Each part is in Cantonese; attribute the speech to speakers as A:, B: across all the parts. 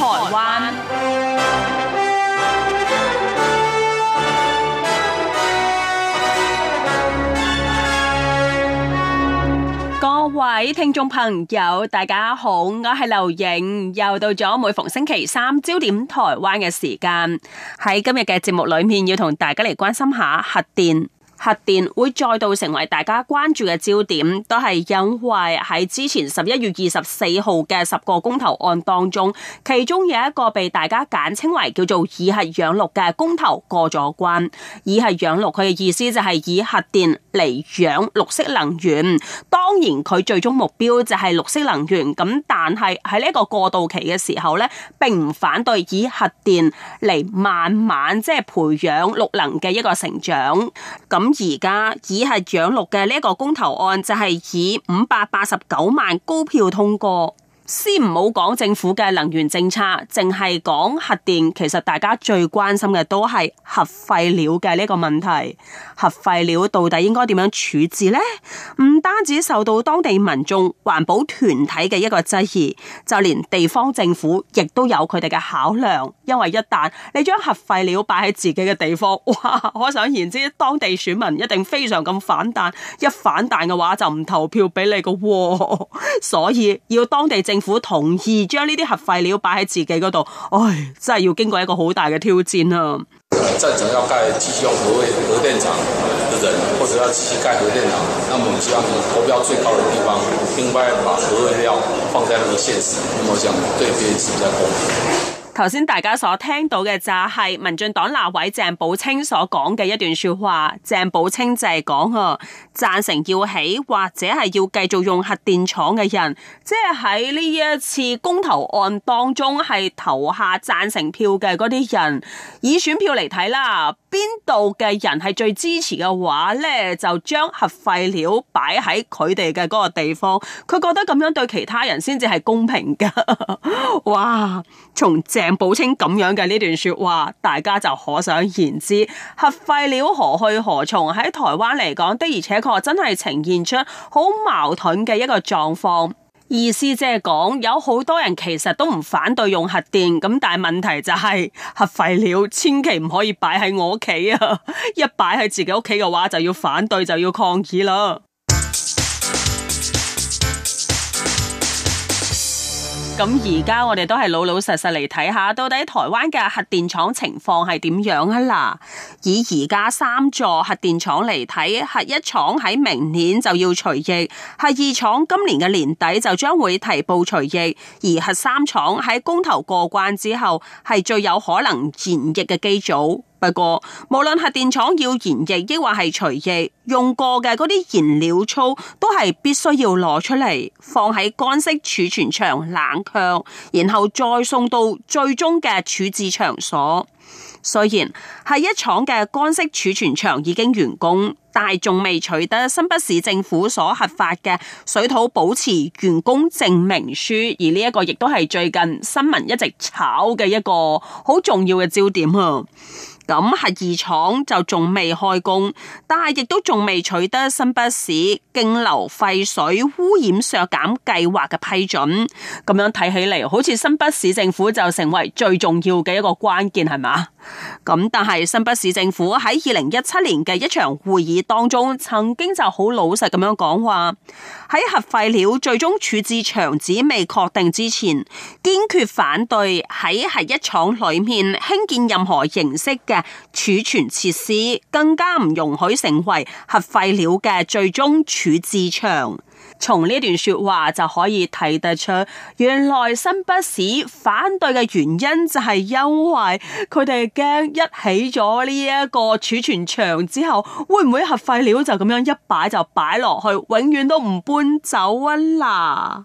A: 台灣，各位聽眾朋友，大家好，我係劉瑩，又到咗每逢星期三焦點台灣嘅時間。喺今日嘅節目裏面，要同大家嚟關心下核電。核電會再度成為大家關注嘅焦點，都係因為喺之前十一月二十四號嘅十個公投案當中，其中有一個被大家簡稱為叫做以核養綠嘅公投過咗關。以核養綠佢嘅意思就係以核電，嚟養綠色能源，當然佢最終目標就係綠色能源。咁但係喺呢一個過渡期嘅時候呢，並唔反對以核電嚟慢慢即係培養綠能嘅一個成長。咁而家以核養綠嘅呢一個公投案就係以五百八十九萬高票通過。先唔好講政府嘅能源政策，淨係講核電，其實大家最關心嘅都係核廢料嘅呢個問題。核廢料到底應該點樣處置咧？唔單止受到當地民眾、環保團體嘅一個質疑，就連地方政府亦都有佢哋嘅考量。因為一旦你將核廢料擺喺自己嘅地方，哇！可想而知，當地選民一定非常咁反彈。一反彈嘅話就唔投票俾你個，哦，所以要當地政。政府同意將呢啲核廢料擺喺自己嗰度，唉、哎，真係要經過一個好大嘅挑戰啊！即係想要蓋繼續用核核電廠嘅人，或者要繼續蓋核電廠，那麼我們希望係投標最高嘅地方，應該把核廢料放在咁現實，咁我想對別人比較公平。頭先大家所聽到嘅就係民進黨立委鄭寶清所講嘅一段說話，鄭寶清就係講啊，贊成要起或者係要繼續用核電廠嘅人，即係喺呢一次公投案當中係投下贊成票嘅嗰啲人，以選票嚟睇啦。邊度嘅人係最支持嘅話呢，就將核廢料擺喺佢哋嘅嗰個地方，佢覺得咁樣對其他人先至係公平㗎。 哇！從鄭寶清咁樣嘅呢段説話，大家就可想而知核廢料何去何從喺台灣嚟講，的而且確真係呈現出好矛盾嘅一個狀況。意思即係講，有好多人其實都唔反對用核電，咁但係問題就係、是、核廢料千祈唔可以擺喺我屋企啊！ 一擺喺自己屋企嘅話，就要反對，就要抗議啦。咁而家我哋都係老老實實嚟睇下，到底台灣嘅核電廠情況係點樣啊？啦，以而家三座核電廠嚟睇，核一廠喺明年就要除役，核二廠今年嘅年底就將會提報除役，而核三廠喺公投過關之後，係最有可能延役嘅機組。不過，無論核電廠要延役亦或係除役，用過嘅嗰啲燃料棒都係必須要攞出嚟放喺乾式儲存場冷卻，然後再送到最終嘅處置場所。雖然係一廠嘅乾式儲存場已經完工，但係仲未取得新北市政府所核發嘅水土保持完工證明書，而呢一個亦都係最近新聞一直炒嘅一個好重要嘅焦點啊！咁核二廠就仲未開工，但係亦都仲未取得新北市徑流廢水污染削減計劃嘅批准。咁樣睇起嚟，好似新北市政府就成為最重要嘅一個關鍵，係嘛？咁但係新北市政府喺二零一七年嘅一場會議當中，曾經就好老實咁樣講話：喺核廢料最終處置場址未確定之前，堅決反對喺核一廠裏面興建任何形式嘅。儲存設施，更加唔容許成為核廢料嘅最終處置場。從呢段說話就可以睇得出，原來新北市反對嘅原因就係因為佢哋驚一起咗呢一個儲存場之後，會唔會核廢料就咁樣一擺就擺落去，永遠都唔搬走啦，啊。呃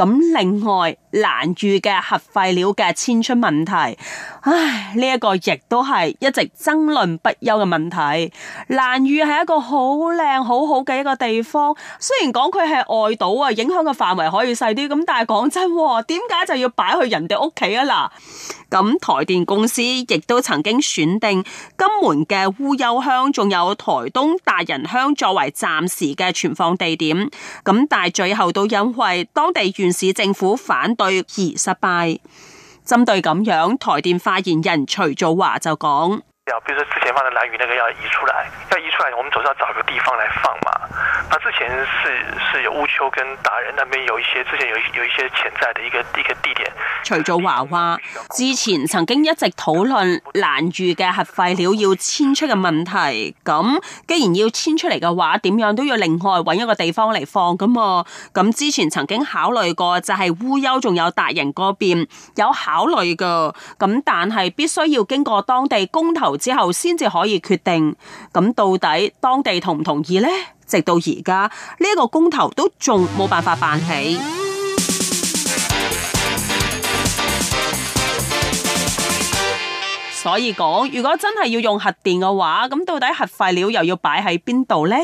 A: 咁另外，蘭嶼嘅核廢料嘅遷出問題，唉，呢一個亦都係一直爭論不休嘅問題。蘭嶼係一個好靚、好好嘅一個地方，雖然講佢係外島啊，影響嘅範圍可以細啲，咁但係講真，點解就要擺去人哋屋企啊嗱？咁台電公司亦都曾經選定金門嘅烏丘鄉，仲有台東達仁鄉作為暫時嘅存放地點，咁但係最後都因為當地縣市政府反對而失敗。針對咁樣，台電發言人徐祖華就講。比如說之前放的蘭嶼，那個要移出來，要移出來，我們總是要找個地方來放嘛。那之前是是有烏丘跟達人那邊有一些，之前有一有一些潛在的一個一個地點。除咗華華，之前曾經一直討論蘭嶼嘅核廢料要遷出嘅問題。咁既然要遷出嚟嘅話，點樣都要另外搵一個地方嚟放㗎嘛？咁之前曾經考慮過就，就係烏丘仲有達人嗰邊有考慮噶。咁但係必須要經過當地公投。之後先至可以決定，咁到底當地同唔同意呢？直到而家呢個公投都仲冇辦法辦起。所以講，如果真係要用核電嘅話，咁到底核廢料又要擺喺邊度呢？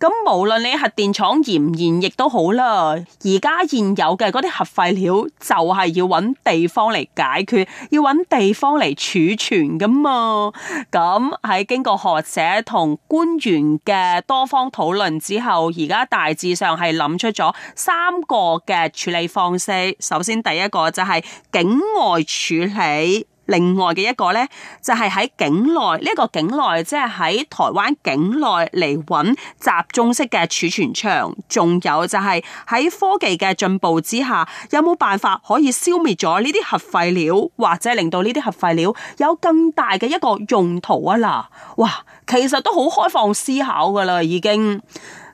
A: 咁無論你核電廠延唔延役亦都好啦，而家現有嘅嗰啲核廢料就係要揾地方嚟解決，要揾地方嚟儲存㗎嘛。咁喺經過學者同官員嘅多方討論之後，而家大致上係諗出咗三個嘅處理方式。首先第一個就係境外處理。另外嘅一個呢，就係喺境內呢個境內，即係喺台灣境內嚟揾集中式嘅儲存場，仲有就係喺科技嘅進步之下，有冇辦法可以消滅咗呢啲核廢料，或者令到呢啲核廢料有更大嘅一個用途啊？嗱，哇，其實都好開放思考㗎喇，已經。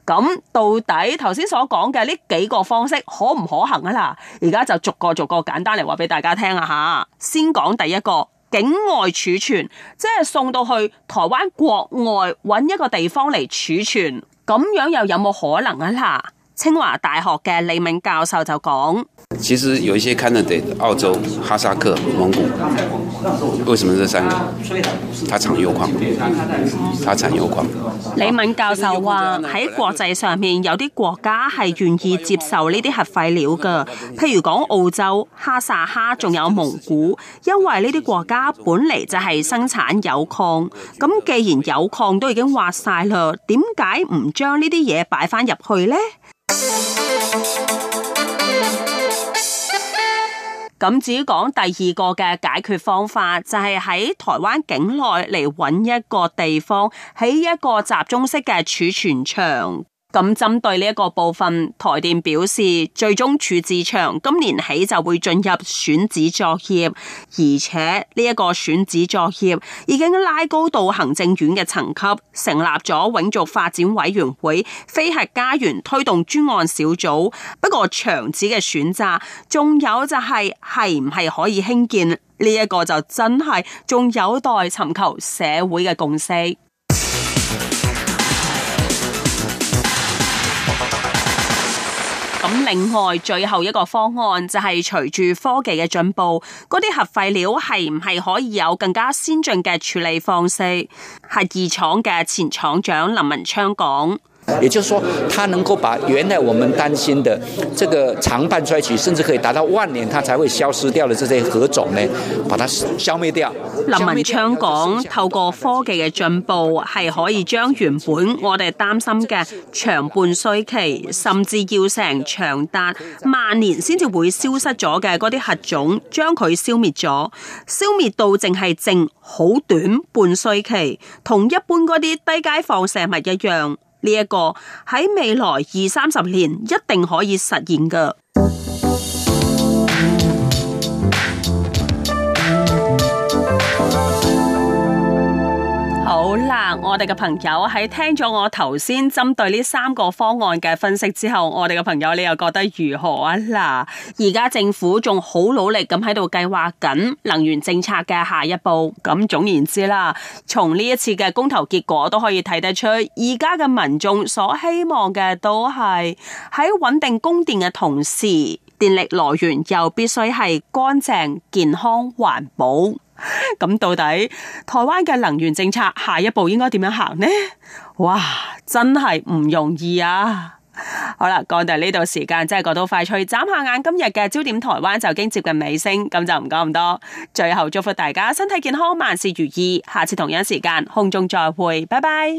A: 咁到底頭先所講嘅呢幾個方式可唔可行啊？嗱，而家就逐個逐個簡單嚟話俾大家聽啊！吓，先講第一個境外儲存，即係送到去台灣國外揾一個地方嚟儲存，咁樣又有冇可能啊？啦清華大學嘅李敏教授就講：其實有一些 candidate，澳洲、哈薩克、蒙古，為什麼這三個？它產鈾礦，它產鈾礦。李敏教授話喺國際上面有啲國家係願意接受呢啲核廢料㗎，譬如講澳洲、哈薩哈仲有蒙古，因為呢啲國家本嚟就係生產鈾礦，咁既然鈾礦都已經挖晒嘞，點解唔將呢啲嘢擺翻入去呢？咁至於講第二個嘅解決方法，就係喺台灣境內嚟揾一個地方，喺一個集中式嘅儲存場。咁針對呢一個部分，台電表示，最終處置場今年起就會進入選址作業，而且呢一個選址作業已經拉高到行政院嘅層級，成立咗永續發展委員會，非核家園推動專案小組。不過場址嘅選擇，仲有就係係唔係可以興建呢一個就真係仲有待尋求社會嘅共識。另外，最後一個方案就係、是、隨住科技嘅進步，嗰啲核廢料係唔係可以有更加先進嘅處理方式？核二廠嘅前廠長林文昌講。也就是說，它能夠把原來我們擔心的這個長半衰期，甚至可以達到萬年，它才會消失掉的這些核種呢，把它消滅掉。林文昌講，透過科技嘅進步，係可以將原本我哋擔心嘅長半衰期，甚至要成長達萬年先至會消失咗嘅嗰啲核種，將佢消滅咗，消滅到淨係剩好短半衰期，同一般嗰啲低階放射物一樣。呢一個喺未來二三十年一定可以實現嘅。我哋嘅朋友喺聽咗我頭先針對呢三個方案嘅分析之後，我哋嘅朋友你又覺得如何啊？嗱，而家政府仲好努力咁喺度計劃緊能源政策嘅下一步。咁總言之啦，從呢一次嘅公投結果都可以睇得出，而家嘅民眾所希望嘅都係喺穩定供電嘅同時，電力來源又必須係乾淨、健康、環保。咁到底台灣嘅能源政策下一步應該點樣行呢？哇，真係唔容易啊！好啦，講到呢度時間真係過到快脆，眨下眼今日嘅焦點台灣就已經接近尾聲，咁就唔講咁多。最後祝福大家身體健康，萬事如意。下次同樣時間空中再會，拜拜。